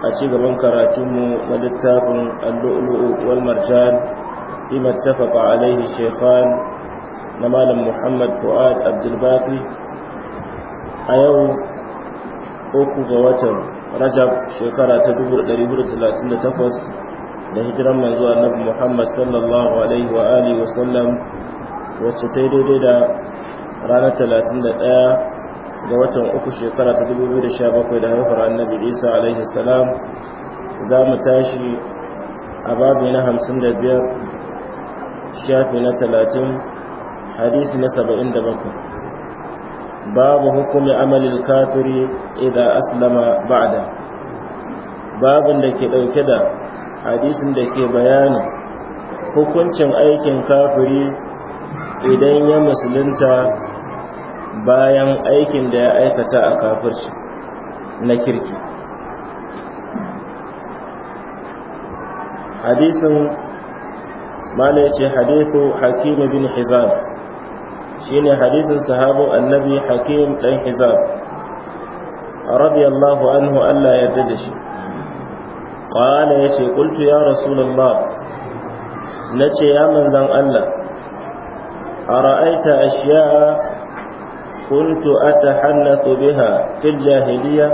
a cigaban karatunmu na littafin allu'ulu'u wal marjan bima tafaqa alaihi shaykhan na malam muhammad fuad abdulbaki a yau uku ga watan rajab shekara ta 1438 da hijiran manzo annabi muhammad sallallahu alaihi wa alihi wa sallam wacce ta yi daidai da ranar 31 ga watan uku shekara ta 2017 da haifar annabi isa alaihi salam za mu tashi a babu na 55 shafi na 30 hadisi na 77 babu hukumi amalin kafiri idan aslama ba'da babin da ke ɗauke da hadisin da ke bayani hukuncin aikin kafiri idan ya musulunta bayan aikin da ya aikata a kafirci na kirki hadisin mala ce hadithu Hakimu bin hizab Shi shine hadisin sahabu annabi hakim dan hizab radiyallahu anhu Allah ya yarda da shi ya ce ƙultu ya Na ce ya manzan Allah A shi ya? كنت أتحنث بها في الجاهلية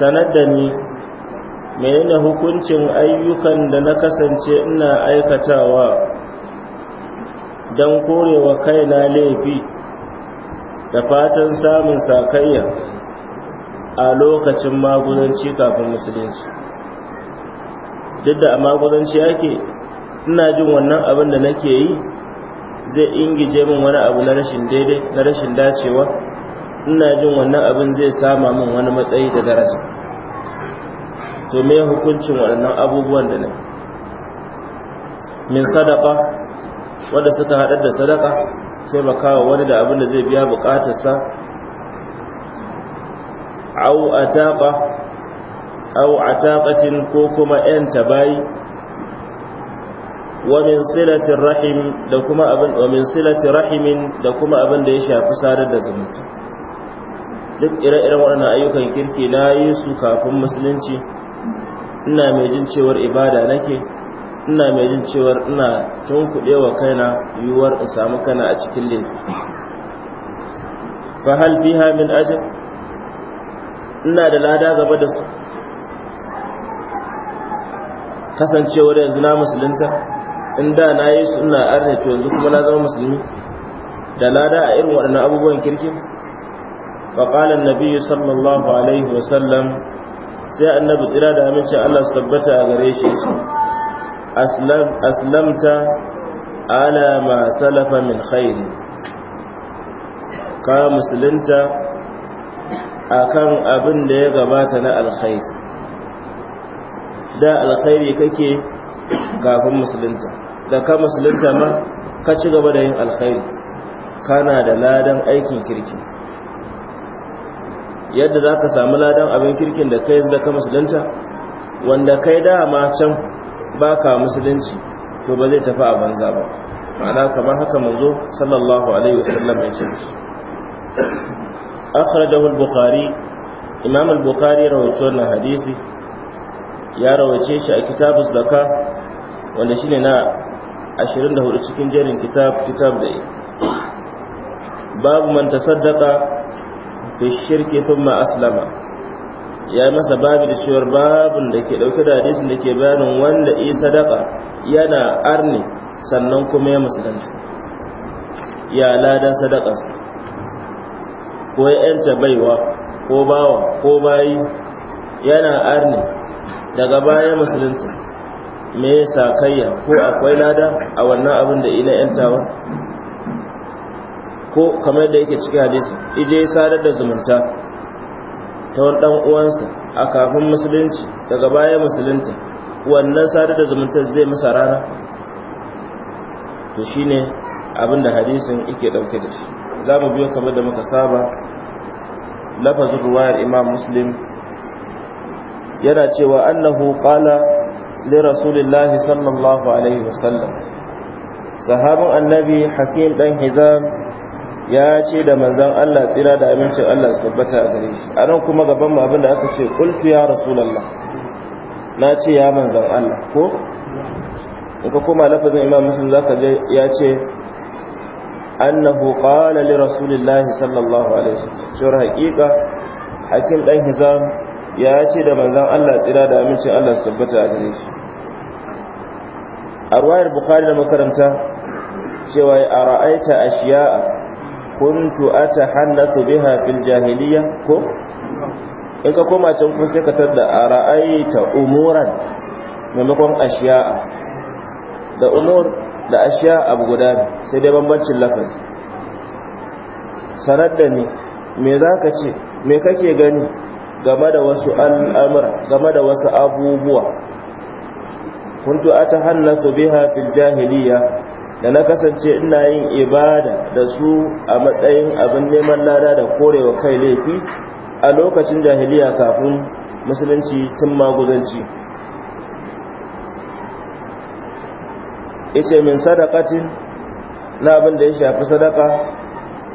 سندني menene hukuncin ayyukan da na kasance ina aikatawa don korewa kaina laifi da fatan samun sakayya a lokacin magudanci kafin musulunci duk da a magudanci yake ina jin wannan abin da nake yi zai ingije min wani abu na rashin daidai na rashin dacewa ina jin wannan abin zai sama min wani matsayi da darasa to me hukuncin waɗannan abubuwan da ne min sadaka wanda suka haɗar da sadaka sai ba kawo wani da abin da zai biya buƙatarsa au ataqa au ataqatin ko kuma yan tabayi wa min silatir rahim da kuma abin wa min silatir rahimin da kuma abin da ya shafi sadar da zumunci duk ire-iren waɗannan ayyukan kirki na yi su kafin musulunci ina mai jin cewar ibada nake ina mai jin cewar ina tun wa kaina yiwuwar in samu kana a cikin laifi fa hal biha min ajr ina da lada gaba da su kasancewar yanzu na musulunta in da na yi suna ina arna to yanzu kuma na zama musulmi da lada a irin waɗannan abubuwan kirkin faƙalar nabi sallallahu alaihi wasallam sai annabi tsira da amincin allah su tabbata a gare shi aslamta ala ma salafa min khairi ka musulunta kan abin da ya gabata na alkhairi da alkhairi kake kafin musulunta da ka musulunta ma ka ci gaba da yin alkhairi kana da ladan aikin kirki yadda za ka samu ladan abin kirkin da ka yi da ka musulunta wanda kai dama can ba ka musulunci to ba zai tafi a banza ba ma'ana kamar haka manzo sallallahu alaihi wasallam ya ce akhrajahu al-bukhari imam al-bukhari rawaito wannan hadisi ya rawace shi a kitabuz zakah wanda shine na 24 cikin jerin kitab kitab da yi babu man sadaka fi shirki thumma aslama ya masa babu da shiwar babun da ke dauke da hadisun da ke bayanin wanda yi sadaka yana arni sannan kuma ya musulunta ya ladan sadakas ko ya yanta baiwa ko bawa ko bayi yana arni daga baya musulunta me sakayya ko akwai lada a wannan abin da ina yantawa ko kamar da yake cikin hadisi idai sadar da zumunta ta wani dan uwansa a kafin musulunci daga baya musulunci wannan sadar da zumunta zai masa rana to shine abin da hadisin yake dauke da shi za mu biyo kamar da muka saba lafazin ruwayar imam muslim yana cewa annahu qala lirasulillahi sallallahu alaihi wasallam sahabin annabi hakim dan hizam ya ce da manzan Allah tsira da amincin Allah su tabbata a gare shi a nan kuma gaban mu abinda aka ce kultu ya rasulallah na ce ya manzan Allah ko in ka koma lafazin imam muslim zaka je ya ce annahu qala li rasulillah sallallahu alaihi wasallam shi haƙiƙa hakim dan hizam ya ce da manzan Allah tsira da amincin Allah su tabbata a gare shi a ruwayar bukhari da makaranta cewa a ra'aita ashiya'a kuntu atahannatu biha fil jahiliya ko in ka koma can kuma sai ka tarda a ra'aita umuran maimakon ashiya'a da umur da ashiya abu guda sai dai bambancin lafaz sanar da ni me za ka ce me kake gani game da wasu al'amura game da wasu abubuwa kuntu atahannasu biha fil jahiliya da na kasance ina yin ibada da su a matsayin abin neman lada da korewa kai laifi a lokacin jahiliya kafin musulunci tun maguzanci ice min sadakatin na abin da ya shafi sadaka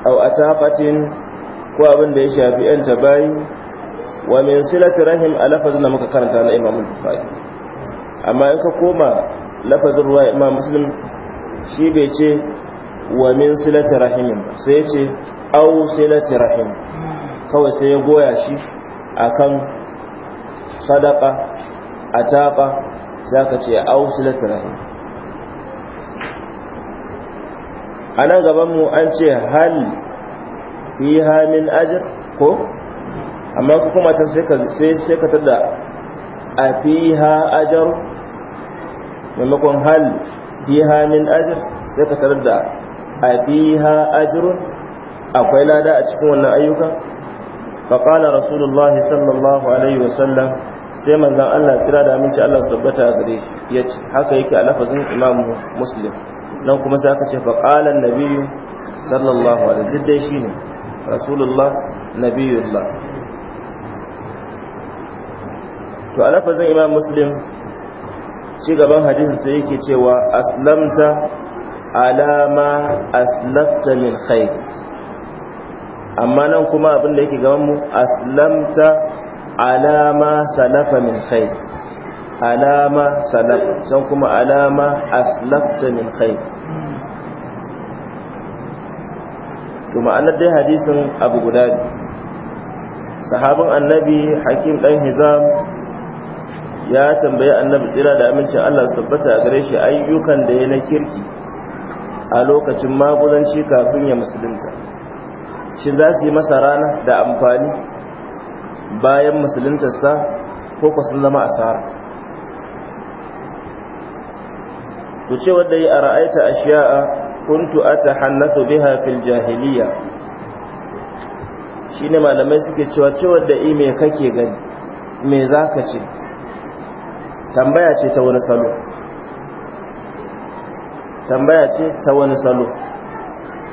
au atafatin ko abin da ya shafi yan tabayi wa min silati rahim a lafazin da muka karanta na imamul bukhari amma in ka koma lafazin ruwa imam muslim shi bai ce wa min silati rahimin sai ce au silati rahim kawai sai ya goya shi akan sadaka a ataka za ka ce au silati rahim a nan gabanmu an ce hal fi hamin ajir ko amma kuma ta sai ka tada a fi ha ajaru maimakon hal biha min ajr sai ka tarar da a biha ajrun akwai lada a cikin wannan ayyuka fa qala rasulullahi sallallahu alaihi wasallam sai manzon Allah kira da aminci Allah sabbata gare shi ce haka yake a lafazin Imam Muslim nan kuma sai aka ce fa qala an sallallahu alaihi duk dai ne rasulullah nabiyullah to a lafazin Imam Muslim ci gaban hadisin sai yake cewa aslamta alama aslafta min khair amma nan kuma abin da yake gaban mu aslamta alama salafa min khair alama salafa san kuma alama aslafta min khair to ma'anar dai hadisin abu guda sahabin annabi hakim dan hizam ya tambayi annabi tsira da amincin Allah su tabbata a gare shi ayyukan da ya na kirki a lokacin magulanci kafin ya musulunta shi za su yi masa rana da amfani bayan musuluntarsa ko ku sun zama asara to ce wanda yi a ra'aita ashiya'a kuntu hannatu biha fil jahiliya shine malamai suke cewa ce da i me kake gani me zaka ce tambaya ce ta wani salo tambaya ce ta wani salo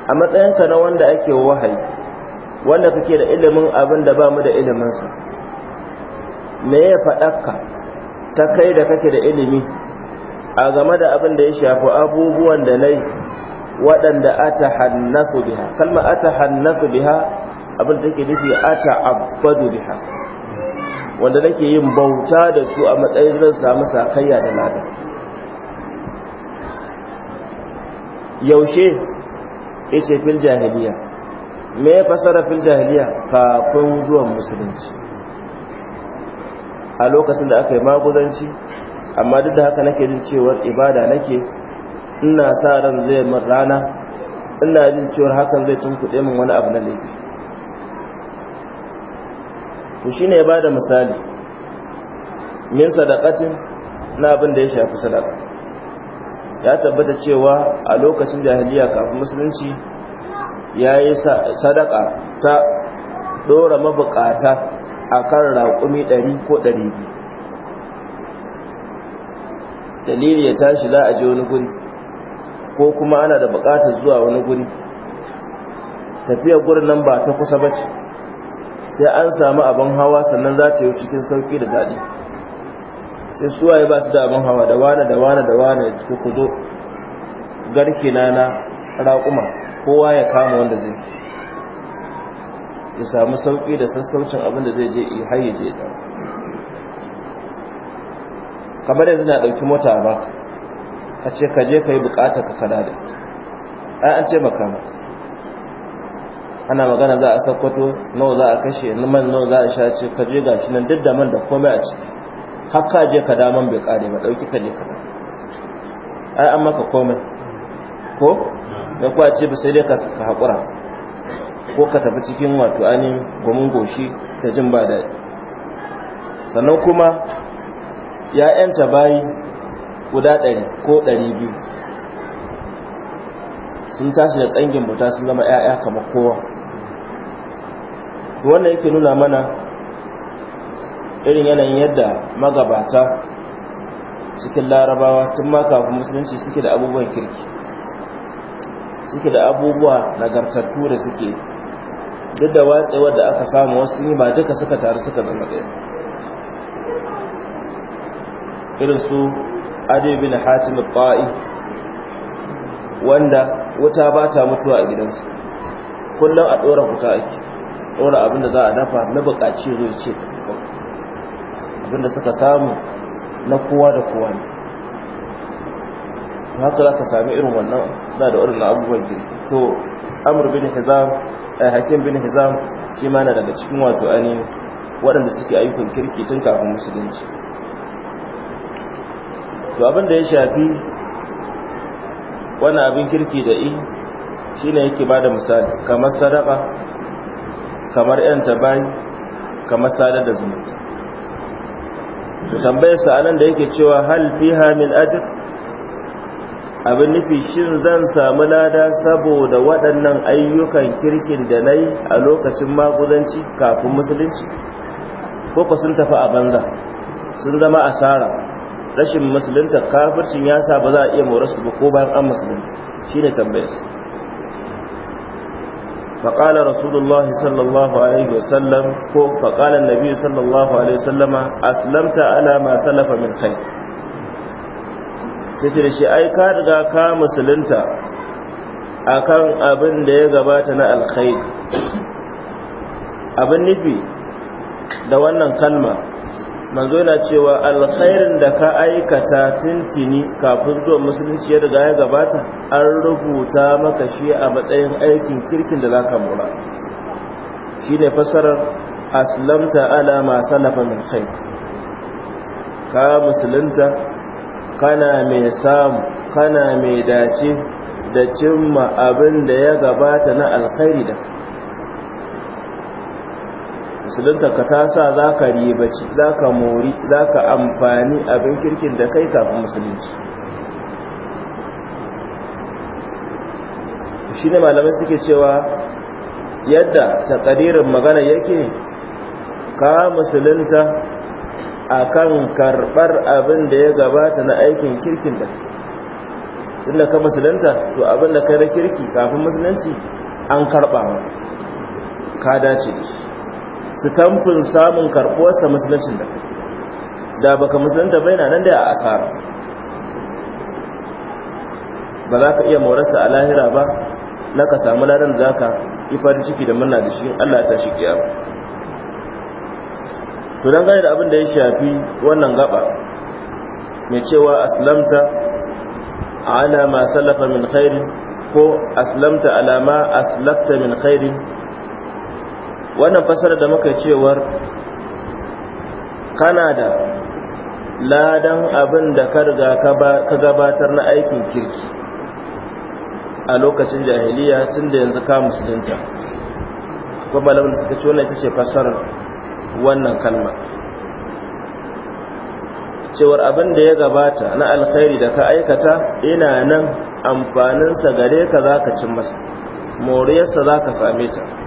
a matsayinka na wanda ake wahayi wanda kake da ilimin abin da ba mu da iliminsa me ya faɗaka ta kai da kake da ilimi a game da abin da ya shafi abubuwan da nai waɗanda ata hannafu biha kalma ata hannafu biha abin da take nufi ata abbadu biha wanda nake yin bauta da su a matsayin zan samu sakayya da lada yaushe yace fil jahiliya me ya fasara fil jahiliya kafin zuwan musulunci a lokacin da aka yi maguzanci amma duk da haka nake jin cewar ibada nake ina sa ran zai min rana ina jin cewar hakan zai tunkuɗe min wani abu na laifi to ne ba da misali min sadakacin na abin da ya shafi sadaka. ya tabbata cewa a lokacin jahiliya kafin musulunci ya yi sadaka ta dora mabukata kan raƙumi 100 ko 200 dalili ya tashi za a je wani guri ko kuma ana da buƙatar zuwa wani guri tafiyar gurin nan ba ta kusa bace sai an samu abin hawa sannan za ta yi cikin sauƙi da daɗi sai suwaye ba su da abin hawa da wane da wane da wane ku ku zo garke na na raƙuma kowa ya kama wanda zai ya samu sauƙi da sassaucin abin da zai je yi har ya je da kamar yanzu na ɗauki mota ba ka ce ka je ka yi buƙatar ka kada da ai an ce makama. ana magana za a sakwato nawa za a kashe man nawa za a sha ce ka je gashi nan duk da man da komai a ciki har ka je ka daman bai kare ba dauki ka je ka ba ai an maka komai ko da kuwa ce ba sai dai ka haƙura ko ka tafi cikin wato ani gomin goshi ta jin ba da sannan kuma ya yanta bayi guda ɗari ko ɗari biyu sun tashi da ƙangin bauta sun zama ‘ya'ya kamar kowa wannan yake nuna mana irin yanayin yadda magabata cikin larabawa tun ma kafin musulunci suke da abubuwan kirki suke da abubuwa nagartattu da suke duk da watsewar da aka samu wasu sun yi ba duka suka taru suka zama ɗaya irin su adi bin hatim wanda wuta ba ta mutuwa a gidansu kullum a ɗora kuka ake ɗora abinda za a dafa na bukaci zo ya ce tafi abinda suka samu na kowa da kowa ne haka za ka sami irin wannan suna da waɗannan abubuwan girki to amur bin hizam a eh, hakim bin hizam shi ma na daga cikin wato ainihin waɗanda suke ayyukan kirki tun kafin musulunci to abin da ya shafi wani abin kirki da yi, shi ne yake ba da misali kamar sadaka kamar yan tabayi kamar sadar da zumunta to tambayar sa anan da yake cewa hal fiha min ajr abin nufi shin zan samu lada saboda waɗannan ayyukan kirkin da nayi a lokacin maguzanci kafin musulunci ko ku sun tafi a banza sun zama asara rashin musulunta kafircin ya sa ba za a iya morasu ba ko bayan an musulunta shine tambayar فقال رسول الله صلى الله عليه وسلم فقال النبي صلى الله عليه وسلم أسلمت على ما سلف من خير sai da shi ai ka riga ka musulunta akan abin da ya gabata na alkhairi abin nufi da wannan kalma manzo yana cewa alkhairin da ka aikata tintini kafin zuwa musulunci ya riga ya gabata an rubuta maka shi a matsayin aikin kirkin da zaka mura shine fasarar aslamta ala ma salafa min khair ka musulunta kana mai samu kana mai dace da cimma abin da ya gabata na alkhairi da ka musulunta ka ta sa za ka ribaci za ka mori za ka amfani abin kirkin da kai kafin musulunci shi ne malamai suke cewa yadda takadirin magana yake ka musulunta a kan karɓar abin da ya gabata na aikin kirkin da inda ka musulunta to abin da kai na kirki kafin musulunci an karɓa ka dace su tamfin samun karɓuwarsa musuluncin da da baka musulunta bai na nan da a asara ba za ka iya morarsa a lahira ba na ka samu ladan za ka yi farin ciki da murna da shi allah ta shi kiyama to don gani da abin da ya shafi wannan gaba mai cewa aslamta ala ma sallafa min khairin ko aslamta ala ma aslafta min khairin wannan fasara da muka cewar kanada ladan abin da ka riga ka gabatar na aikin kirki a lokacin jahiliya tun da yanzu ka musulunta kuma malamin suka ce wannan ita ce fasarar wannan kalma cewar abin da ya gabata na alkhairi da ka aikata ina nan amfaninsa gare ka zaka ka cin masa moriyarsa za ka same ta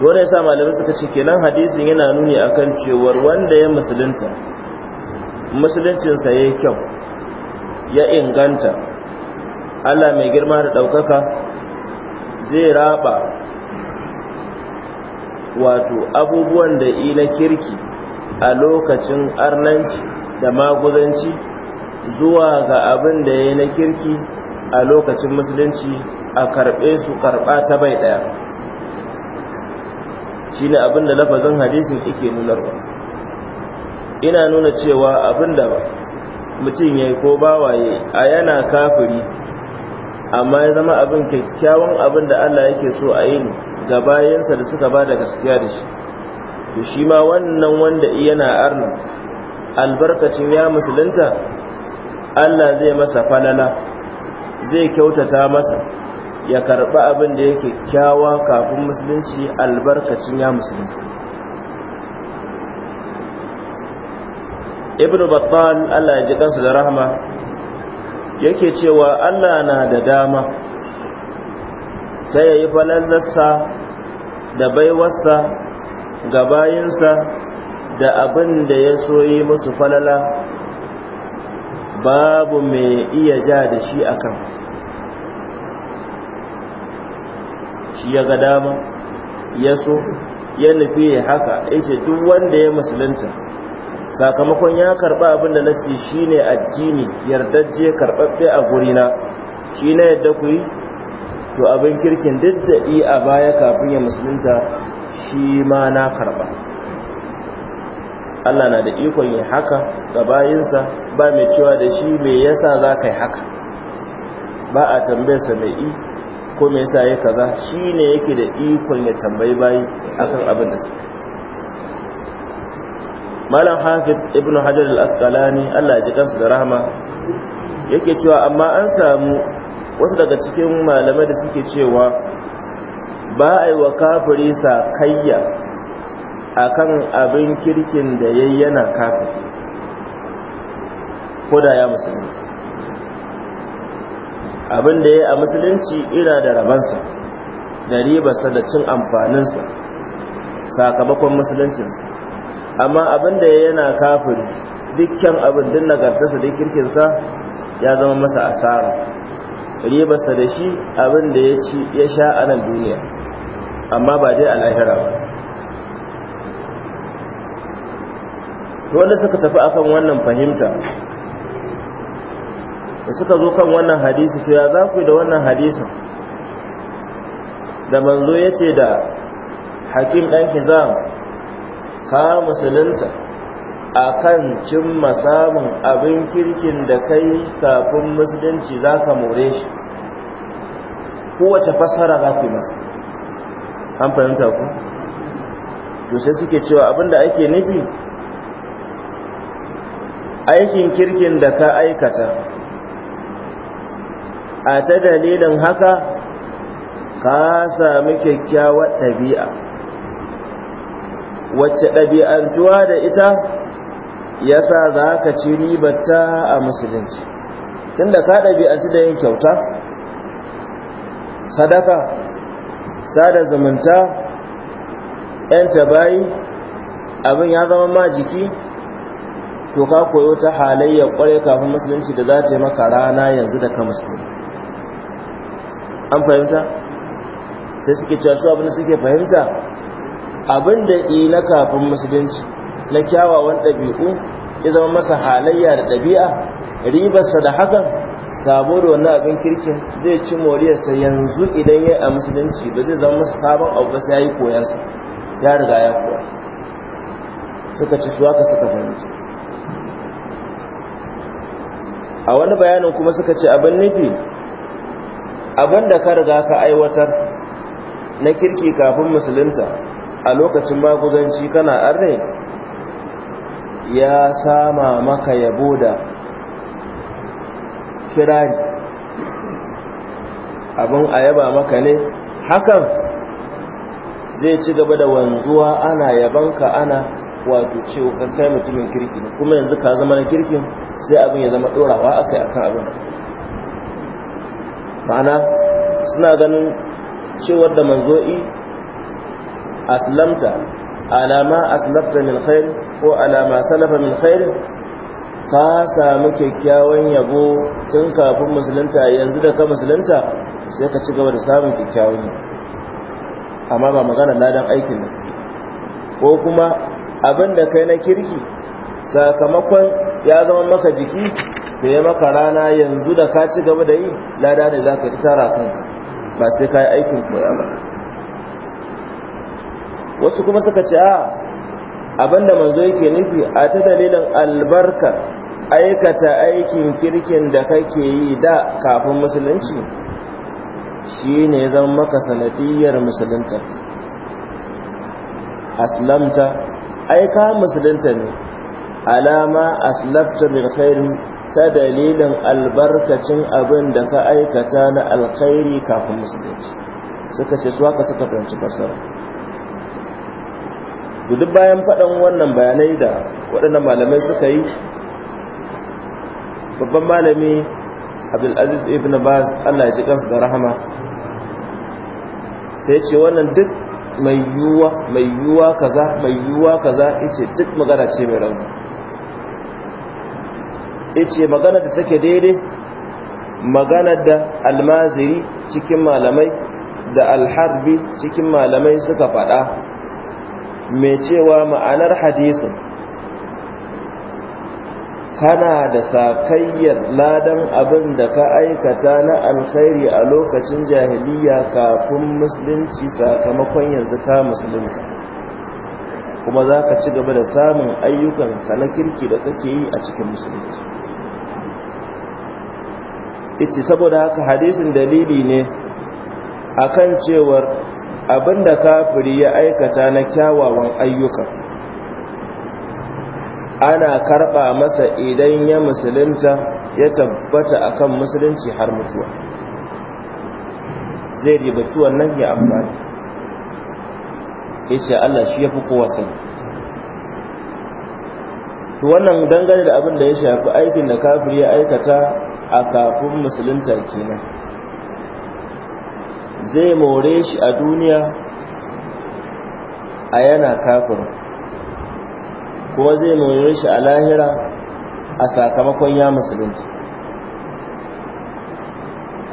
wani ya sa malamai suka ce kenan hadisin yana nuni akan cewar wanda ya musulunta musuluncinsa ya yi kyau ya inganta allah mai girma da ɗaukaka zai raba wato abubuwan da na kirki a lokacin arnanci da maguzanci zuwa ga abin da ya yi na kirki a lokacin musulunci a karɓe su karɓa ta bai ɗaya shine abin da lafazin hadisin yake nunarwa ina nuna cewa abin da mutum ya yi ko bawaye a yana kafiri amma ya zama abin kyakkyawan abin da Allah yake so a yi ga bayansa da suka ba da gaskiya da shi to shi ma wannan wanda yana arna albarkacin ya musulunta Allah zai masa falala zai kyautata masa ya karɓi abin da yake kyawa kafin musulunci albarkacin ya musulunci ibn battal allah ya ji kansa da rahama yake cewa allah na da dama ta yayi falallarsa da baiwarsa ga bayinsa da abin da ya soyi musu falala babu mai iya ja da shi akan shi ya ga dama ya so ya nufi ya haka ya ce duk wanda ya musulunta sakamakon ya karɓa abin da na ce shi ne addini yardajje karbabbe a gurina shi na yadda ku yi to abin kirkin duk a baya kafin ya musulunta shi ma na karba Allah na da ikon yin haka ga bayinsa ba mai cewa da shi mai yasa za ka yi haka ba a tambayarsa mai i ko mai yasa yayi kaza ne yake da ikon ya tambayi bayi akan abin da suke malam hafiz Ibn hajar al-asqalani Allah ya ji kansu da rahama yake cewa amma an samu wasu daga cikin malamai da suke cewa ba a yi wa kafiri a akan abin kirkin da yayyana kafiri ko da ya musulunci abin da ya a musulunci ina da rabansa da ribarsa da cin amfaninsa sakamakon musuluncinsa amma abin da ya yana kafin dukkan abin din nagartarsa da kirkinsa ya zama masa asara ribarsa da shi abin da ya sha a nan duniya amma ba dai alahira ba wanda suka tafi akan wannan fahimta da suka zo kan wannan hadisi to ya za ku da wannan hadisin da manzo ya ce da hakim ɗan hizam ka musulunta a kan cimma samun abin kirkin da kai kafin musulunci za ka more shi kowace fassara za ku masa an fahimta ku to sai suke cewa abin da ake nufi aikin kirkin da ka aikata a ta dalilin haka ka sami kyakkyawar ɗabi'a wacce ɗabi'antuwa da ita ya sa za ka ci ribarta a musulunci da ka ɗabi'antu da yin kyauta sadaka sada zumunta ‘yanta bayi abin ya zama ma jiki to ka koyo ta halayya ƙwarai kafin musulunci da za ta yi maka rana yanzu da ka musulunci an fahimta sai suke cewa su abinda suke fahimta abinda yi na kafin musulunci na kyawawan ɗabi'u ya zama masa halayya da ɗabi'a ribarsa da hakan sabo da wannan abin kirkin zai ci moriyarsa yanzu idan ya a musulunci ba zai zama masa sabon abu ba sai ya yi koyarsa. ya riga ya kuwa suka ci ka suka fahimci a wani bayanin kuma suka ce abin nufi abinda ka riga ka aiwatar na kirki kafin musulunta a lokacin maguzanci kana arne ya sama maka yabo da kirani abin a yaba maka ne hakan zai ci gaba da wanzuwa ana yabanka ana wato cewa kai mutumin kirki kuma yanzu ka zama na kirkin sai abin ya zama dorawa akai akan abin ma'ana suna ganin cewar da manzo'i aslamta alama aslamta min khair ko alama salafa min khair ka samu kyakkyawan yabo tun kafin musulunta yanzu da ka musulunta sai ka ci gaba da samun kyakkyawan yabo amma ba magana ladan aikin nan ko kuma abin da kai na kirki sakamakon ya zama maka jiki da ya maka rana yanzu da ka ci gaba da yi lada ne za ka ci tara kanka ba sai ka yi aikin koya ba wasu kuma suka ce a abinda manzo yake nufi a ta dalilin albarka aikata aikin kirkin da kake yi da kafin musulunci shi ne zan maka sanadiyar musulunta aslamta aika musulunta ne alama aslabta min khairin ta dalilin albarkacin abin da ka aikata na alkhairi kafin musulunci suka ce ka suka fahimci fasara duk bayan faɗan wannan bayanai da waɗannan malamai suka yi babban malami abdulaziz ibn baz allah ya ji kansu da rahama sai ce wannan duk mai yiwuwa mai yiwuwa kaza mai yiwuwa kaza duk magana ce mai rauni yace magana da take daidai magana da almaziri cikin malamai da alharbi cikin malamai suka faɗa mai cewa ma'anar hadisin kana da sakayyar ladan abin da ka aikata na alkhairi a lokacin jahiliya kafin musulunci sakamakon yanzu ka musulunci kuma za ka ci gaba da samun ayyukanka na kirki da kake yi a cikin musulunci yace saboda haka hadisin dalili ne akan cewar abinda kafiri ya aikata na kyawawan ayyuka ana karba masa idan ya musulunta ya tabbata akan musulunci har mutuwa zai tuwon nan ya amfani yace Allah shi ya fi kowa sai. to wannan dangane da abin da ya shafi aikin da kafir ya aikata a kafin musulunta kenan zai more shi a duniya a yana kafin kuma zai more shi a lahira a sakamakon ya musulunta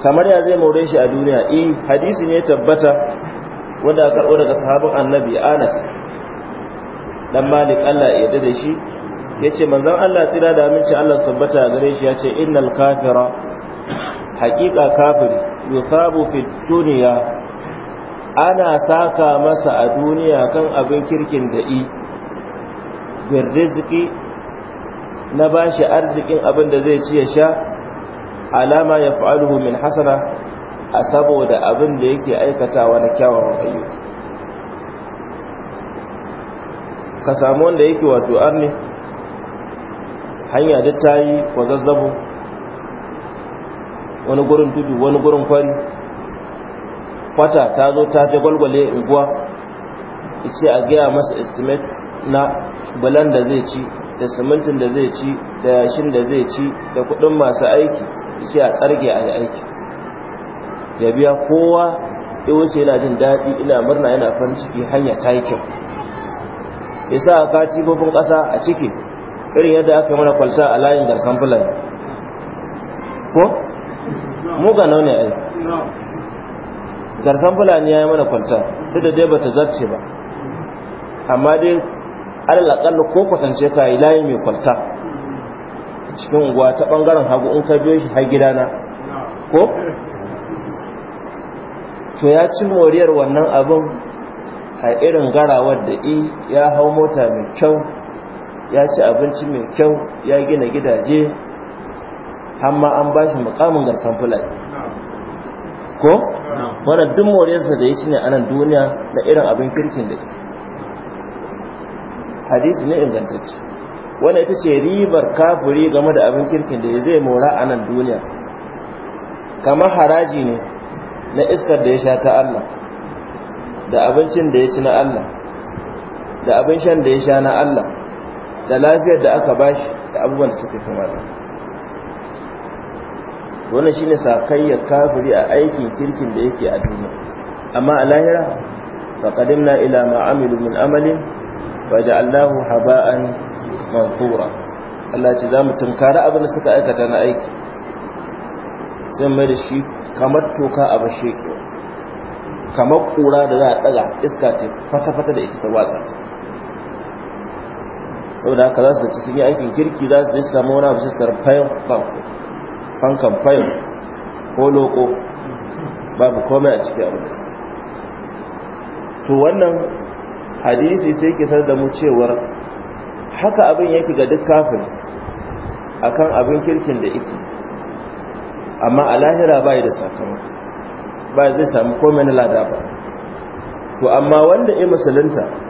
kamar ya zai more shi a duniya in eh, hadisi ne tabbata wadda karɓo daga sahabin annabi anas dan malik allah ya da shi yace manzon Allah tsira da aminci Allah tabbata gare shi yace innal kafira haqiqa kafiri yusabu fi dunya ana saka masa a duniya kan abin kirkin da i bir rizqi na bashi arzikin abin da zai ci ya sha alama ya fa'aluhu min hasana a saboda abin da yake aikatawa na kyawawan ayyuka ka samu wanda yake wato arni hanya duk ta yi kwazazzabu, wani gurin tudu wani gurin kwari kwata ta zo ta ta gwalgwale unguwa ce a gaya masa estimate na bulan da zai ci da simintin da zai ci da yashin da zai ci da kudin masu aiki ce a tsarge a aiki ya biya kowa ya wuce yana jin daɗi ina murna yana farin ciki hanya ta yi kyau ya sa kati kofin ƙasa a ciki irin yadda aka yi mana kwalta a layin garsan fulani ko mu ga ne ai garsan fulani ya yi mana kwalta duk da dai bata zarce ba amma dai alal akalla ko kwatance ka yi layi mai kwalta cikin unguwa ta bangaren hagu in ka biyo shi har gidana ko to ya ci moriyar wannan abin a irin garawar da i ya hau mota mai kyau ya ci abinci mai kyau ya gina gidaje amma an ba shi mukamin garsan fulani ko wannan duk moriyarsa da ya shi ne a nan duniya na irin abin kirkin da hadisi ne ingantacce wanda ita ce ribar kafuri game da abin kirkin da ya zai mora a nan duniya kamar haraji ne na iskar da ya sha ta Allah da abincin da ya ci na Allah da abin shan da ya sha na Allah da lafiyar da aka bashi da abubuwan da suka kama da wannan shine sakayyar kafiri a aikin kirkin da yake a duniya amma a lahira faqadimna ila ma amilu min amalin Allahu haba'an Manfura. Allah ce za mu tunkari abin da suka aikata na aiki sai mai da shi kamar toka a bashe kamar kura da za a daga iska ce fata-fata da ita ta watsa saboda haka za su ci sun yi aikin kirki za su je samu wani abu su fankan fayon ko loko babu komai a ciki abu to wannan hadisi sai ke sar da mu cewar haka abin yake ga duk kafin akan abin kirkin da iki amma a lahira bai da sakamako ba zai samu komai na lada ba to amma wanda ya musulunta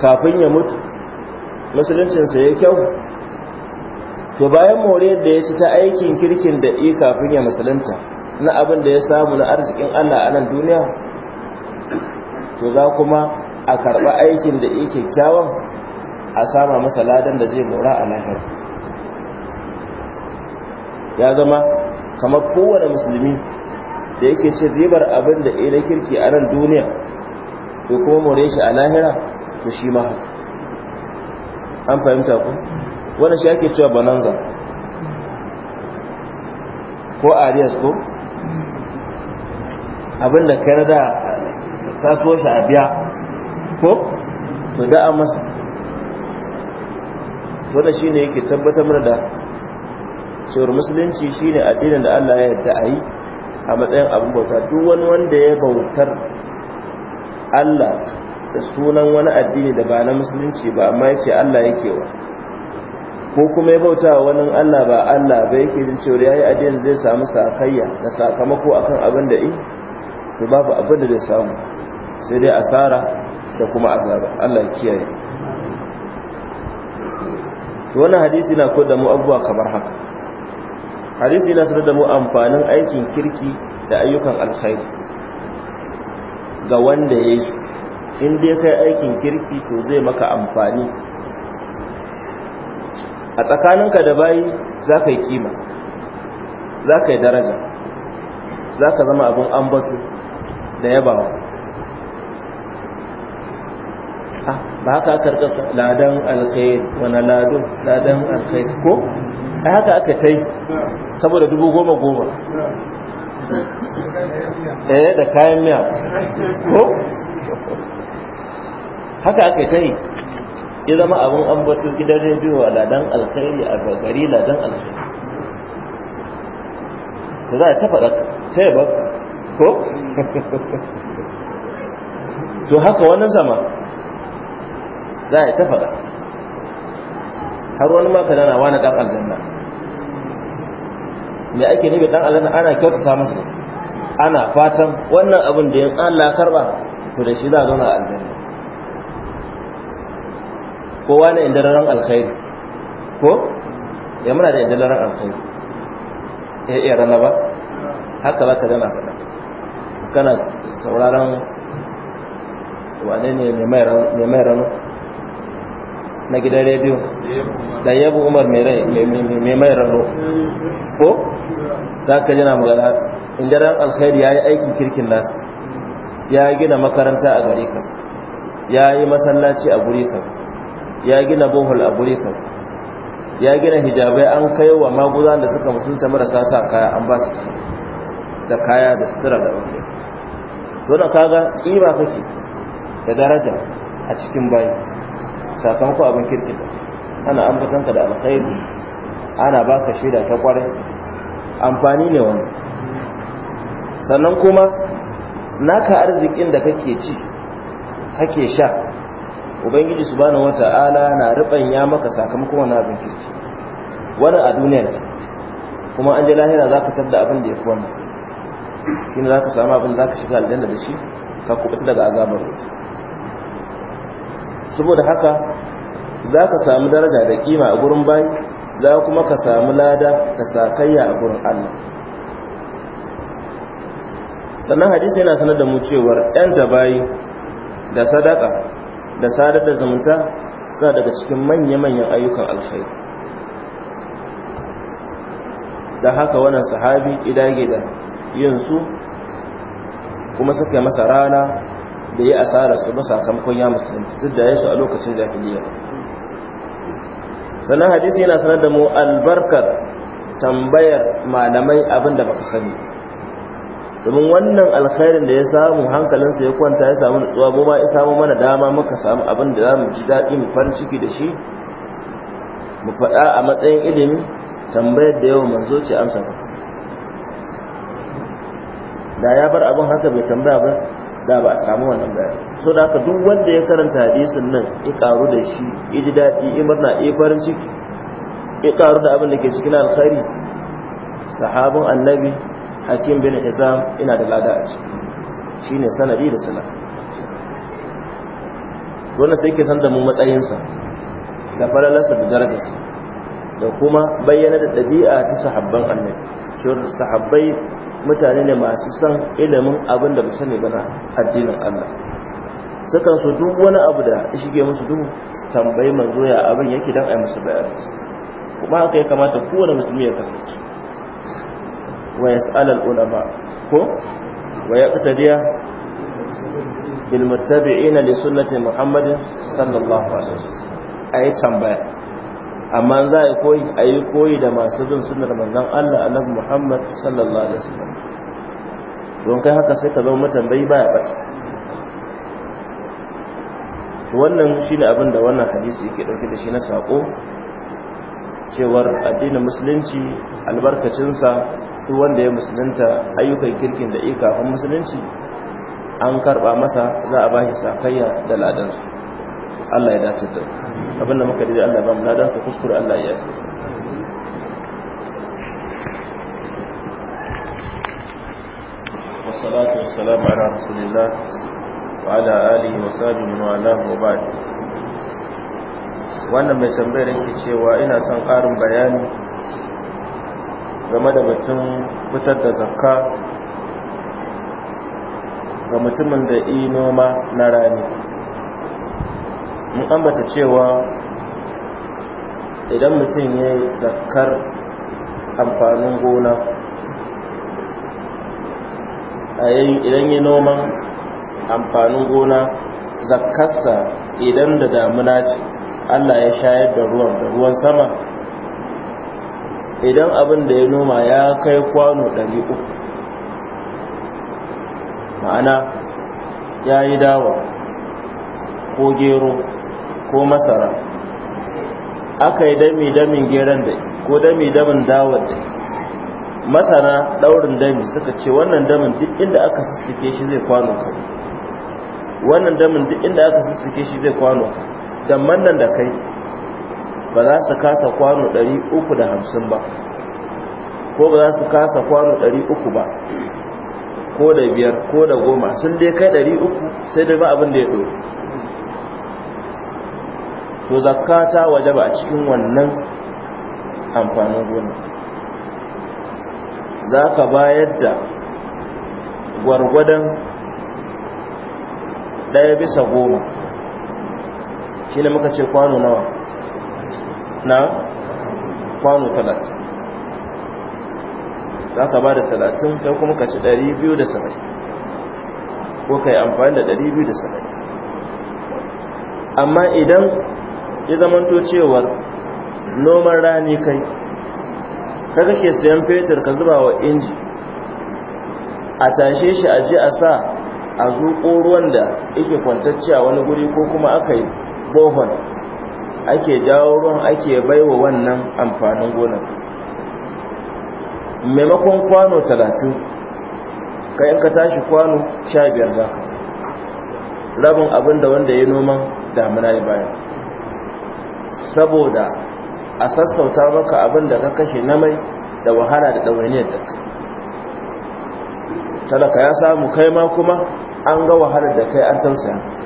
kafin ya mutu musuluncinsa ya kyau to bayan more da ya ci ta aikin kirkin da i kafin ya musulunta na abin da ya samu na arzikin allah a nan duniya to za kuma a karɓa aikin da i kyakkyawan a sama masa ladan da zai mora a lahira ya zama kamar kowane musulmi da yake ce ribar abin da ila kirki a nan duniya to kuma more shi a lahira to shi ma haka an fahimta ku wanda shi ake cewa bananza ko arias ko abinda kai na da saso shi a biya ko to da a masa wanda shi ne yake tabbatar mana da cewar musulunci shi ne addinin da allah ya yadda a yi a matsayin abin bauta duk wani wanda ya bautar allah da sunan wani addini da ba na musulunci ba amma yace Allah yake wa ko kuma ya bauta wa wani Allah ba Allah ba yake jin cewa yayi addini zai samu sakayya da sakamako akan abin da yi to babu abin da zai samu sai dai asara da kuma azaba Allah ya kiyaye to wannan hadisi na koda mu abuwa kamar haka hadisi na sanar da mu amfanin aikin kirki da ayyukan alkhairi ga wanda ya yi su in dai kai aikin kirki to zai maka amfani a tsakaninka da bayi za ka yi kima za ka yi daraja za ka zama abin ambato da yabawa ah, ba haka aka rika ladan alkai wani ladan ladan alkai ko a haka aka ta yi saboda dubu goma goma eh da kayan miya ko haka aka ta yi ya zama abin ambatu gidan rediyo a ladan alkhairi a gari ladan alkhairi ta za a ta faɗa ta ba ko to haka wannan zama za a ta faɗa har wani maka dana wani ɗan aljanna me ake nufi ɗan aljanna ana kyautata masa ana fatan wannan abin da yin Allah karɓa to da shi za a zauna a aljanna kowa na inda daren alkhairi ko ya muna da inda daren alkhairi ya iya rana ba haka za ka gana faɗa kana sauraron wane ne mai mai rano na gidan rediyo da yabu umar mai mai rano ko za ka jina magana inda ran alkhairi ya yi aikin kirkin nasu ya gina makaranta a gare ka ya yi masallaci a guri kasa. ya gina bohol a burikas, ya gina hijabai an kai wa maguza da suka musulta marasa sa kaya an ba su da kaya da sutura da wani dole kaga kima kake da daraja a cikin bayi sakamako abin kirkita ana ambatanka da alkhairu, ana baka shaida ta kwarai amfani ne wani sannan kuma naka arzikin da kake ci kake sha ubangiji subhanahu Ala na ya maka sakamakon wannan abin kirki Wani a duniyar kuma an ji lahira za ka tabda abin da ya fi wannan shi ne za ka samu abin da za ka shiga aljanna da shi ka kubuta daga azabar wuta saboda haka za ka samu daraja da kima a gurin bayi za kuma ka samu lada da sakayya a gurin allah sannan hadisi yana sanar da mu cewar 'yan jabayi da sadaka da sadar da zumunta suna daga cikin manya-manyan ayyukan alfai da haka wannan sahabi idage da yin su kuma suka masa rana da ya asara su ba sakamakon ya musulunci duk da su a lokacin jahiliya sannan hadisi yana sanar da mu albarkar tambayar malamai abinda da baka sani domin wannan alkhairin da ya samu hankalinsa ya kwanta ya samu nutsuwa mu ma ya samu mana dama muka samu abin da za mu ji daɗi mu farin ciki da shi mu faɗa a matsayin ilimi tambayar da yawa manzo ce amsa ta da ya bar abin haka bai tambaya ba da ba a samu wannan bayani so da haka duk wanda ya karanta hadisin nan ya karu da shi ya ji daɗi ya murna ya farin ciki ya karu da abin da ke cikin alkhairi sahabin annabi hakim bin hizam ina da lada a ciki ne sanadi da sana wannan sai ke san da mu matsayinsa da falalarsa da darajarsa da kuma bayyana da ɗabi'a ta sahabban annabi shawar sahabbai mutane ne masu san ilimin abin da ba sani na addinin Allah sukan su duk wani abu da shige musu duhu su tambayi manzo ya abin yake dan ai musu bayani kuma haka ya kamata kowane musulmi ya kasance wa yas'al al ulama ko wa yaqtadiya bil muttabi'ina li sunnati muhammadin sallallahu alaihi wasallam ayi tambaya amma za a koyi a yi koyi da masu bin sunar manzan Allah annabi Muhammad sallallahu alaihi wasallam don kai haka sai ka zama matambayi baya bata wannan shi ne abin da wannan hadisi yake dauke da shi na sako cewar addinin musulunci albarkacinsa duk wanda ya musulunta ayyukan kirkin da ika kafin musulunci an karba masa za a bashi sakayya da ladansu Allah ya dace da abinda muka dace Allah ba mu ladan su kuskure Allah ya yi wassalatu wassalamu ala rasulillah wa ala alihi wa sahbihi wa ala wa ba'd wannan mai tambayar yake cewa ina son ƙarin bayani game da batun fitar da zakka ga mutumin da yi noma na rani mun ambata cewa idan mutum ya yi zakkar amfanin gona idan ya noman amfanin gona zakkarsa idan da damuna ce allah ya shayar da ruwan da ruwan sama idan abin da ya noma ya kai kwano 300 ma'ana ya yi dawa ko gero ko masara aka yi dami-damin geron da ko dami-damin dawar da masana daurin dami suka ce wannan damin duk inda aka sassuke shi zai kwano ka, wannan damin duk inda aka sassuke shi zai kwano kaza damman nan da kai ba za su kasa kwano 350 ba ko ba za su kasa kwano 300 ba ko da biyar ko da goma sun dai kai 300 sai dai ba abin da ya ɗori to zakka ta waje ba a cikin wannan amfanin gona za ka bayar da gwargwadon ɗaya bisa goma shi ne muka ce kwano nawa na kwano talatin za ka ba da talatin sai kuma ka ci dari biyu da saba'in ko ka yi amfani da dari biyu da saba'in amma idan ya zamanto cewar noman rani kai ka kake sayan fetur ka zuba wa inji a tashe shi a ji a sa a zuƙo ruwan da yake kwantacce a wani guri ko kuma aka yi bohon ake jawo ruwan ake baiwa wannan amfanin gonar maimakon kwano talatin ka tashi kwano sha biyar za ka rabin abin da wanda ya noman damina ya baya saboda a sassauta maka abin da ka kashe na mai da wahala da ɗawainiyar da talaka ya samu kai ma kuma an ga wahalar da kai an tausaya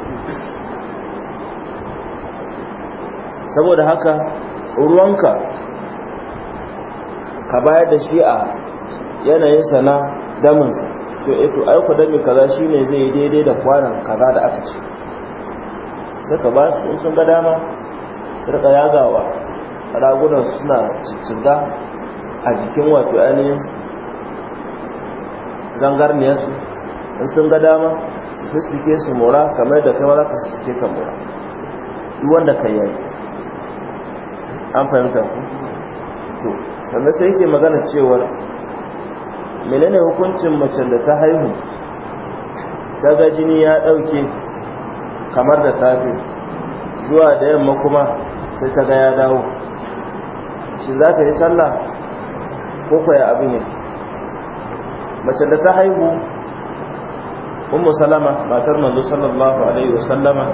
saboda haka ruwanka ka bayar da shi a yanayin na daminsa so eto eh, aiko dami kaza shi ne zai daidai da kwanan kaza da aka ce suka ba su sun ga dama su rika yagawa ragunan suna cicciga a jikin wato ainihin zangarniyarsu in sun ga dama su sissike su mora kamar da kai ma za ka sissike ka mora duk wanda ka yi an fahimta ku to sannan sai yake magana cewar menene hukuncin macen da ta haihu daga jini ya ɗauke kamar da safe zuwa da yamma kuma sai ta ga ya dawo shi za ta yi sallah ko kwaya abin yi? macen da ta haihu ummu salama matar manzo sallallahu alaihi wasallama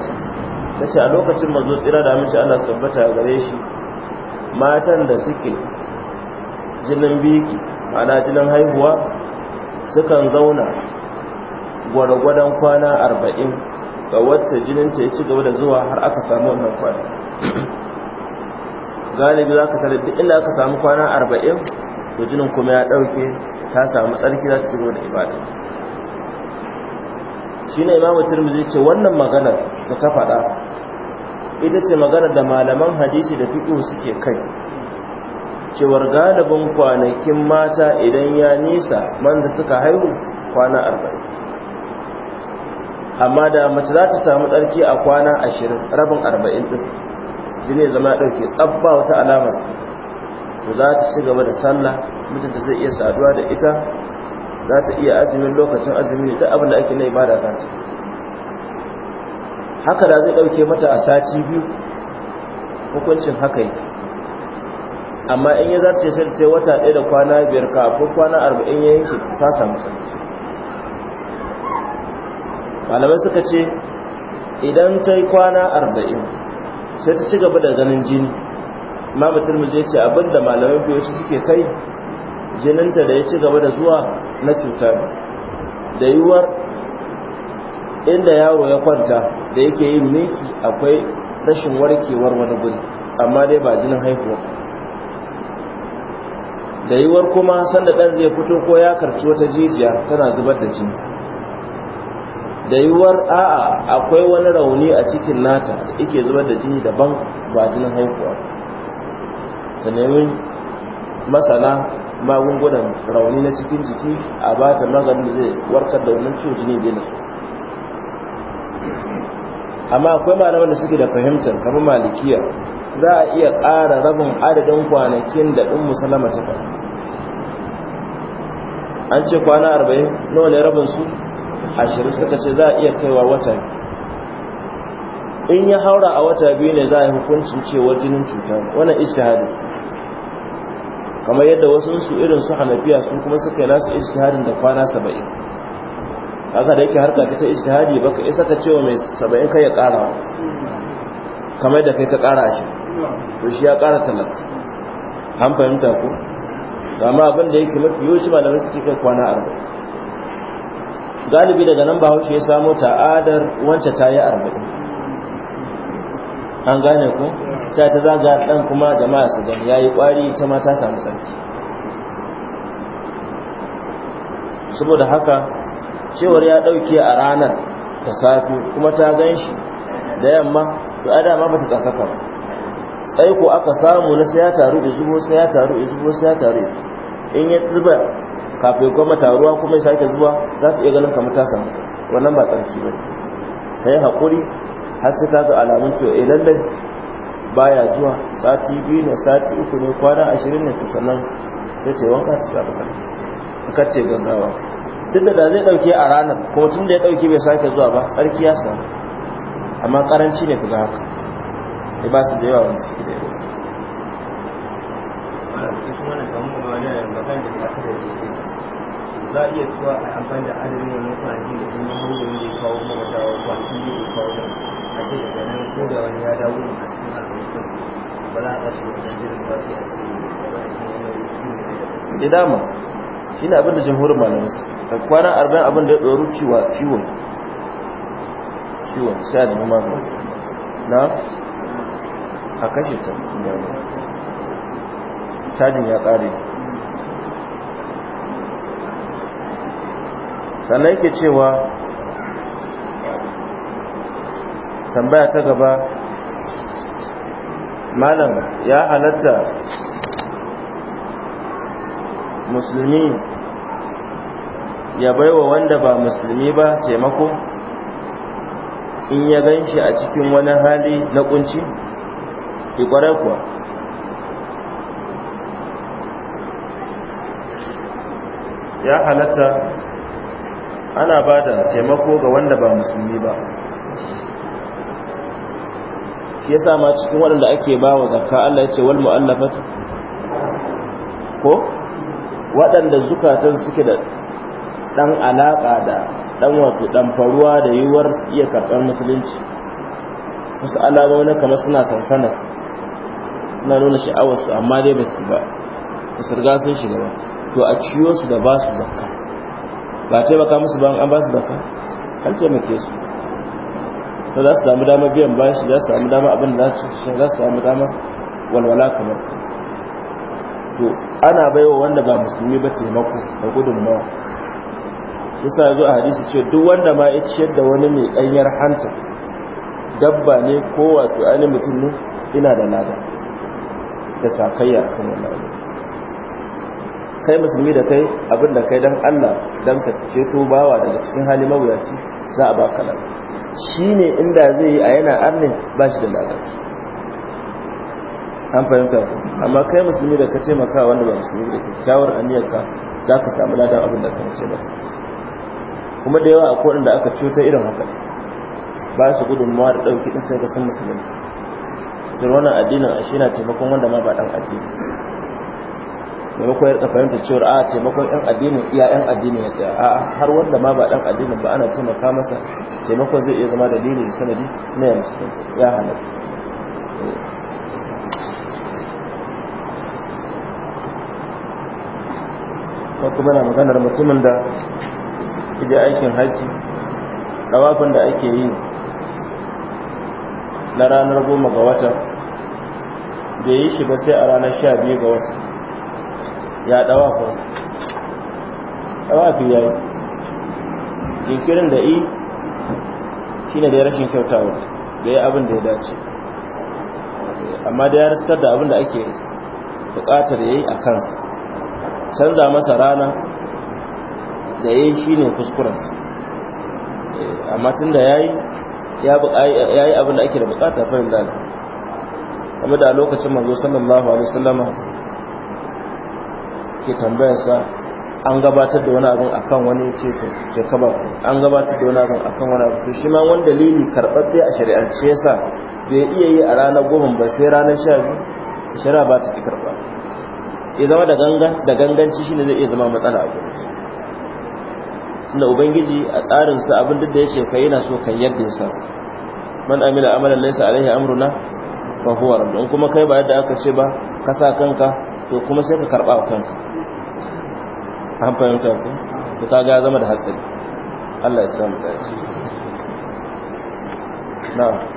ta ce a lokacin manzo tsira da amince Allah su tabbata a gare shi matan da suke jinin biki ana jinin haihuwa sukan zauna gwargwadon kwana arba'in ga wata jininta ya ci gaba da zuwa har aka samu wannan kwana galibi za ka tare inda aka samu kwana arba'in to jinin kuma ya ɗauke ta samu tsarki za ta ci gaba da ibada shi ne imamu turmi zai ce wannan maganar da ta faɗa ita ce magana da malaman hadisi da fiƙo suke kai cewar galibin kwanakin mata idan ya nisa man suka haihu kwana arba'in amma da mace za ta samu tsarki a kwana ashirin rabin arba'in ɗin shi ne zama ɗauke tsabba wata alamarsa to za ta ci gaba da sallah mutum da zai iya saduwa da ita za ta iya azumin lokacin azumi da abin da ake na ibada za haka da zai ɗauke mata a sati biyu hukuncin haka yake amma in ya zarce sai ce wata ɗaya da kwana biyar kafin kwana arba'in ya yanke ta samu tsarki malamai suka ce idan ta yi kwana arba'in sai ta ci gaba da ganin jini imamu mu zai ce abinda malamai biyoci suke kai jininta da ya ci gaba da zuwa na cutar da yiwuwar inda yaro ya kwanta da yake yin miki akwai rashin warkewar wani guri amma dai ba jinin haihuwa da yiwuwar kuma sanda ɗan zai fito ko ya karci wata jijiya tana zubar da jini da yiwuwar a'a akwai wani rauni a cikin nata da yake zubar da jini daban ba jinin haihuwa ta nemi masana magungunan rauni na cikin jiki a bata maganin zai warkar da wannan ciwo jini su amma akwai malaman da suke da fahimtar kamar malikiya za a iya ƙara rabin adadin kwanakin da ɗin musalama ta faɗi an ce kwana arba'in nawa ne rabin su ashirin suka ce za a iya kaiwa wata in ya haura a wata biyu ne za a yi hukuncin cewa jinin cuta wannan ijtihadi kamar yadda wasu su irin su hanafiya su kuma suka yi nasu ijtihadin da kwana saba'in haka da yake harka ta ijtihadi baka isa ka cewa mai 70 kai ya kara kamar da kai ka kara shi to shi ya kara talatin an fahimta ku? amma abin da yake mafi ba malamai suke kai kwana arba galibi daga nan bahaushe ya samo ta'adar wancan ta yi arba'in an gane ku sai ta zaga dan kuma jama'a su gani yi kwari ta mata ta samu sarki saboda haka cewar ya ɗauke a ranar ta safi kuma ta gan shi da yamma to a dama ba ta tsakaka ba sai ko aka samu na sai ya taru izubo sai ya taru izubo sai ya taru in ya zuba kafin kuma taruwa kuma ya sake zuwa za ta iya ganin kamar ta samu wannan ba tsarki ba ka yi haƙuri har sai ka ga alamun cewa eh lallai baya zuwa sati biyu ne sati uku ne kwana ashirin ne to sannan sai ce wanka ta samu ka ce gaggawa duk da zai dauke a ranar kuma tun da ya dauke bai sake zuwa ba tsarki ya samu amma karanci ne kaga haka ya ba su da yawa wanda suke da yawa za a iya suwa a amfani da adadin wannan kwanaki da kuma haurin da ya kawo kuma da kwanaki da ya kawo da a ce da nan ko da wani ya dawo da a cikin alwaitun ba za a ƙasa wajen jirin ba sai a cikin da ba a cikin wani rikin da ya dama shi ne abin da jamhurin malamai su da kwanan arba'in abinda da ya ɗoru ciwon ciwon sai da magani na a kashe ta cajin ya ƙare sannan yake cewa tambaya ta gaba malam ya halatta musulmi ya baiwa wanda ba musulmi ba taimako in ya gan shi a cikin wani hali na kunci ikwarar eh, kuwa ya halatta ana ba da taimako ga wanda ba musulmi ba ya sama cikin waɗanda ake ba wa zakka Allah ya ce wal mu'allafat ko waɗanda zukatan suke da ɗan alaƙa da ɗan wato ɗan faruwa da yiwuwar su iya karɓar musulunci wasu alamomin kamar suna sansanar suna nuna sha'awarsu amma dai ba su ba ba su riga sun shiga ba to a ciyo su da ba su zakka ba taimaka musu ba an ba su zakka an taimake su to za su samu dama biyan bashi za su samu dama abin da za su shan za su samu dama walwala kamar to ana baiwa wanda ba musulmi ba taimako da gudunmawa ya zo a hadisi ce duk wanda ma ya ciyar da wani mai danyar hanta dabba ne ko wato ani mutum ne ina da lada da sakayya kan wannan kai musulmi da kai abin da kai don Allah don ka ceto bawa daga cikin hali mawuyaci za a baka lada ne inda zai yi a yana arnin ba shi da lada an fahimta ku amma kai musulmi da ka taimaka wanda ba musulmi da kyawar aniyar ka za ka samu ladan abin da ka mace ba kuma da yawa kodin da aka cuta irin haka ba su mawa da ɗauki ɗin sai ka san musulunci da wannan addinin a shina taimakon wanda ma ba ɗan addini maimakon yarka fahimta cewar a taimakon yan addinin iya yan addinin ya tsaya a har wanda ma ba ɗan addinin ba ana taimaka masa taimakon zai iya zama dalilin sanadi na yan musulunci ya halatta ko kuma na maganar mutumin da ke aikin haji dawafin da ake yi na ranar goma ga wata da yi shi ba sai a ranar sha biyu ga wata ya dawafinsa dawafi ya yi jinkirin da yi shi ne da ya rashin kyautawa da ya abin da ya dace amma da ya riskar da abin da ake bukatar yayi a kansa canza masa rana da yayi shine kuskurensa eh, amma tunda yayi ya yayi abin da ake da bukata fa inda kuma da lokacin manzo sallallahu alaihi wasallama ke tambayarsa an gabatar da wani abin akan wani ce to jakaba an gabatar da wani abin akan wani abin shi ma wani dalili karɓar a a ce yasa bai iya yi a ranar goma ba sai ranar sha biyu shara ba ta tikar ba ya zama da ganganci shine zai iya zama matsala a gurin tunda ubangiji a tsarinsa abin duk da ya ce kai yana so kan yadda ya samu man amila amalan laysa alaihi amruna fa huwa rabb in kuma kai ba yadda aka ce ba ka sa kanka to kuma sai ka karba wa kanka an fahimta ku to kaga ya zama da hatsari Allah ya samu dace na'am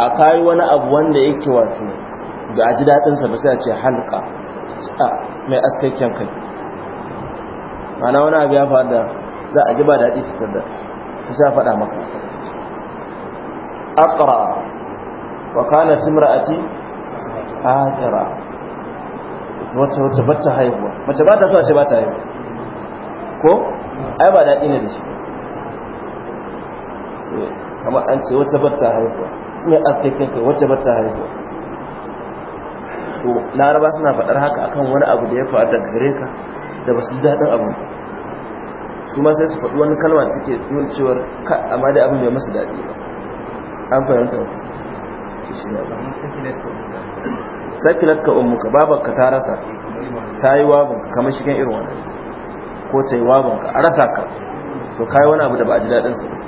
a kayi wani abu wanda yake wato ga a ji daɗinsa ba sai a ce halka a mai askakken kai mana wani abu ya faɗa za a ji ba daɗi su da ta sha faɗa maka akara wa kana timra'ati akara wata wata bata haihuwa mace ba ta so a ce ba ta haihuwa ko ai ba daɗi ne da shi kamar an ce wata bata haihuwa mai askakken kai wacce ba ta haihuwa to laraba suna faɗar haka akan wani abu da ya faru da gare ka da ba su daɗin abu su ma sai su faɗi wani kalma da take nuna cewar ka amma dai abin bai masu daɗi ba an fahimta ku shi ne ba sakilat ka ummuka babanka ta rasa ta yi ka kamar shigen irin wannan ko ta yi ka a rasa ka to kai wani abu da ba a ji daɗinsa ba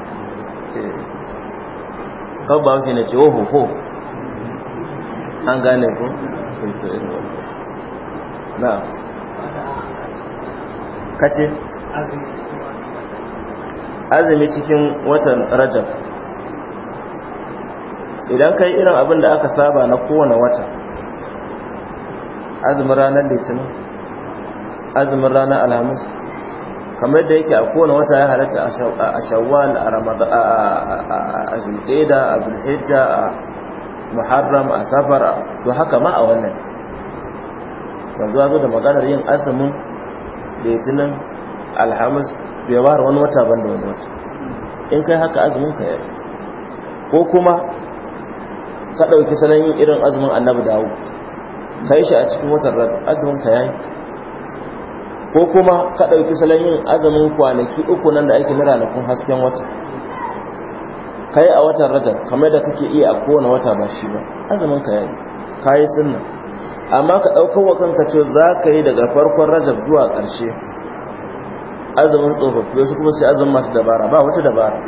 kawai ba wasu na ce oh, ho ho an gane ko na kace azumi cikin watan rajab idan kai irin abin da aka saba na kowane wata azumin ranar litinin azumin ranar alhamis kamar yadda yake a kowane wata ya halatta a shawwal a ramadan a zulqaida a zulhijja a muharram a safar to haka ma a wannan yanzu a zo da maganar yin azumin litinin alhamis bai ware wani wata ban da wani wata in kai haka azumin ka yi ko kuma ka ɗauki sanayin yin irin azumin annabi dawo ka yi shi a cikin watan azumin ka yanki ko kuma ka ɗauki salon yin azumin kwanaki uku nan da ake na ranakun hasken wata kai a watan rajab kamar da kake iya a kowane wata ba shi ba azumin ka yayi yi sunna amma ka ɗaukar wa kanka ce za ka yi daga farkon rajab zuwa ƙarshe azumin tsofaffi wasu kuma sai azumin masu dabara ba wata dabara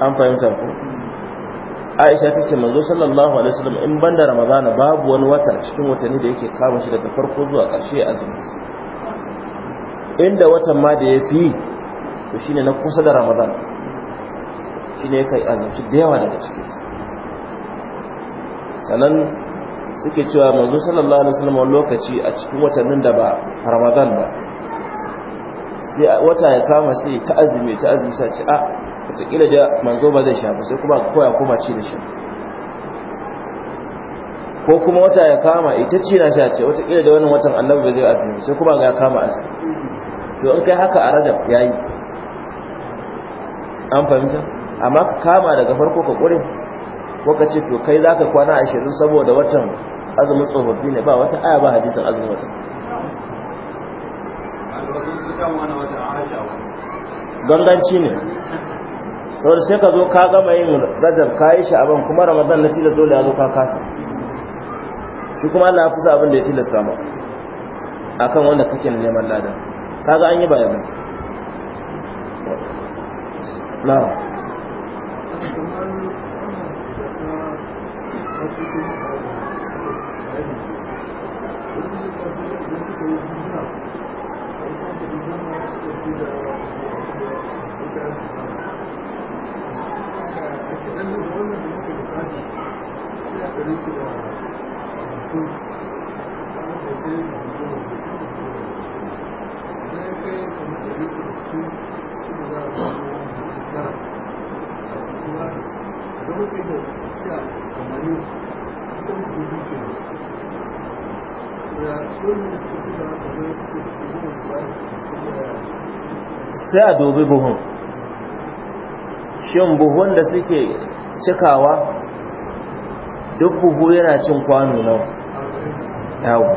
an fahimta ku. aisha ta ce manzo sallallahu alaihi wasallam in banda ramadana babu wani wata cikin watanni da yake kama shi daga farko zuwa ƙarshe zuwa inda watan ma da ya fi to shine na kusa da ramadan shine kai azumci da yawa daga cikin sanan suke cewa manzo sallallahu alaihi wasallam wani lokaci a cikin watannin da ba ramadan ba sai wata ya kama sai ta azumi ta azumi sai a ah, wataƙila da manzo ba zai sha ba sai kuma koya kuma ci da shi ko kuma wata ya kama ita ci na sha ce wataƙila da wannan watan annabi ba zai asiri sai kuma ga ya kama asiri to in kai haka a rajab yayi an fahimta amma ka kama daga farko ka kure ko ka ce to kai za ka kwana shirin saboda watan azumin tsofaffi ne ba wata aya ba hadisin azumin wata. ganganci ne saboda sai ka zo ka gama yin rajab ka yi sha'aban kuma ramadan na tilas dole ya zo ka kasa shi kuma Allah ya fusa abin da ya tilasta a akan wanda kake neman ladan kaga an yi bayan na'am sai a dobi buhun shin buhun da suke cikawa duk buhu yana cin kwano nawa yawo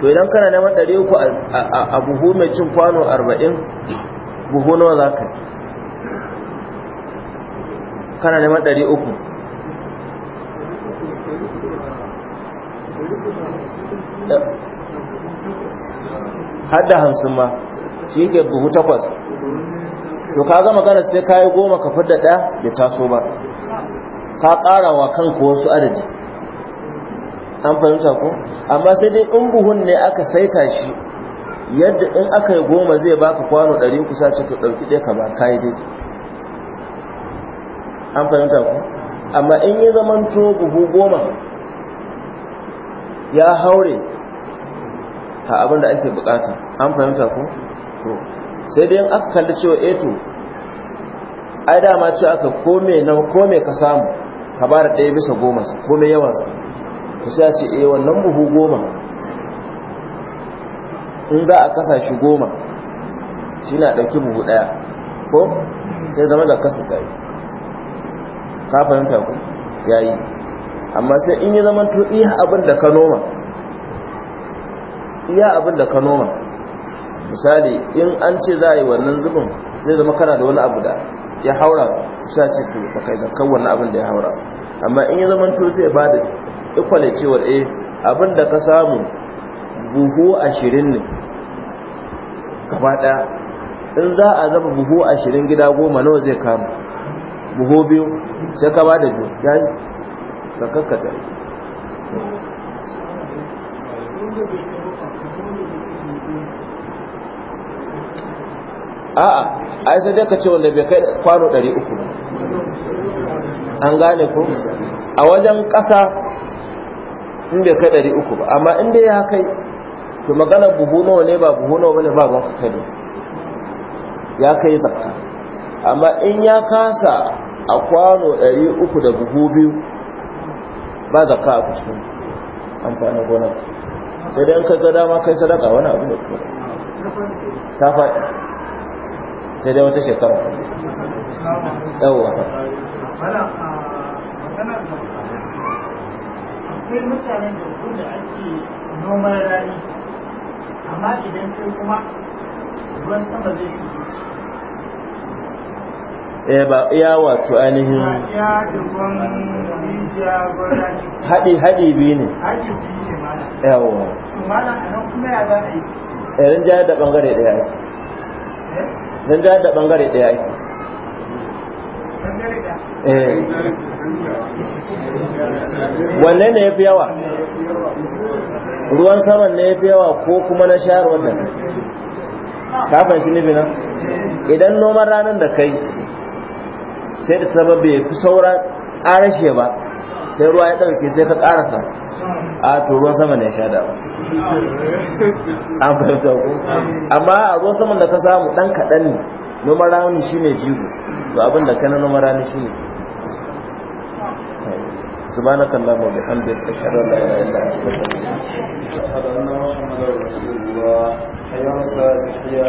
to idan kana neman ɗari uku a buhu mai cin kwano arba'in buhu nawa za ka kana neman ɗari uku hadda hamsin ma shi yake buhu takwas to ka ga magana sai ka yi goma ka fidda ɗaya bai taso ba ka ƙara wa kanka wasu adadi an fahimta ko amma sai dai in buhun ne aka saita shi yadda in aka yi goma zai baka kwano ɗari kusa ce ka ɗauki ɗaya ka ba ka yi daidai an fahimta ko amma in yi to buhu goma ya haure a abin da ake bukata an fahimta ko sai dai aka kalli cewa eh to ai dama ce aka kome nan kome ka samu ka ba da ɗaya bisa goma su kome yawansu to sai a ce eh wannan buhu goma in za a kasa shi goma shi na ɗauki buhu ɗaya ko sai zama da kasa ta yi ka fahimta ku ya yi amma sai in yi zama to iya abin da ka noma iya abin da ka noma misali in an ce za a yi wannan zubin zai zama kana da wani abu da ya haura sa ce to ka kai zakkan wannan abin da ya haura amma in ya zama to zai da ikwale cewa eh abin da ka samu buhu ashirin ne gaba ɗaya in za a zaba buhu ashirin gida goma nawa zai kama buhu biyu sai ka da biyu ya ka kakkata a'a ai sai ka ce wanda bai kai kwano 300 an gane ku? a wajen ƙasa in bai kai 300 ba amma inda ya kai to magana buhu nawa ne ba buhu nawa bane ba ruwan ka kai ya kai zakka amma in ya kasa a kwano 300 da buhu biyu ba zakka a kusurin amfanin gona sai dai an ka ga dama kai sadaka wani abu ne kuma ta faɗi da dai wata shekara yawwa akwai da ake rani amma idan kuma ruwan sama zai eh ba iya wato ainihin haɗi haɗi biyu ne haɗi biyu ne yawa kuma ya za a yi eh, da bangare ɗaya ake zan da bangare daya yi eh. wanne ne ya fi yawa ruwan saman ne ya fi yawa ko kuma na shayar wannan ka shi nufi nan idan noman ranar da kai sai da ta bai fi saura ƙarashe ba sai ruwa ya ɗauke sai ka ƙarasa a to ruwan sama ne sha da an fahimta amma a ruwan saman da ka samu dan kaɗan ne noman rani ne jigo to abin da kana noman rani ne سبحانك اللهم وبحمدك اشهد ان لا اله الا انت استغفرك واتوب اليك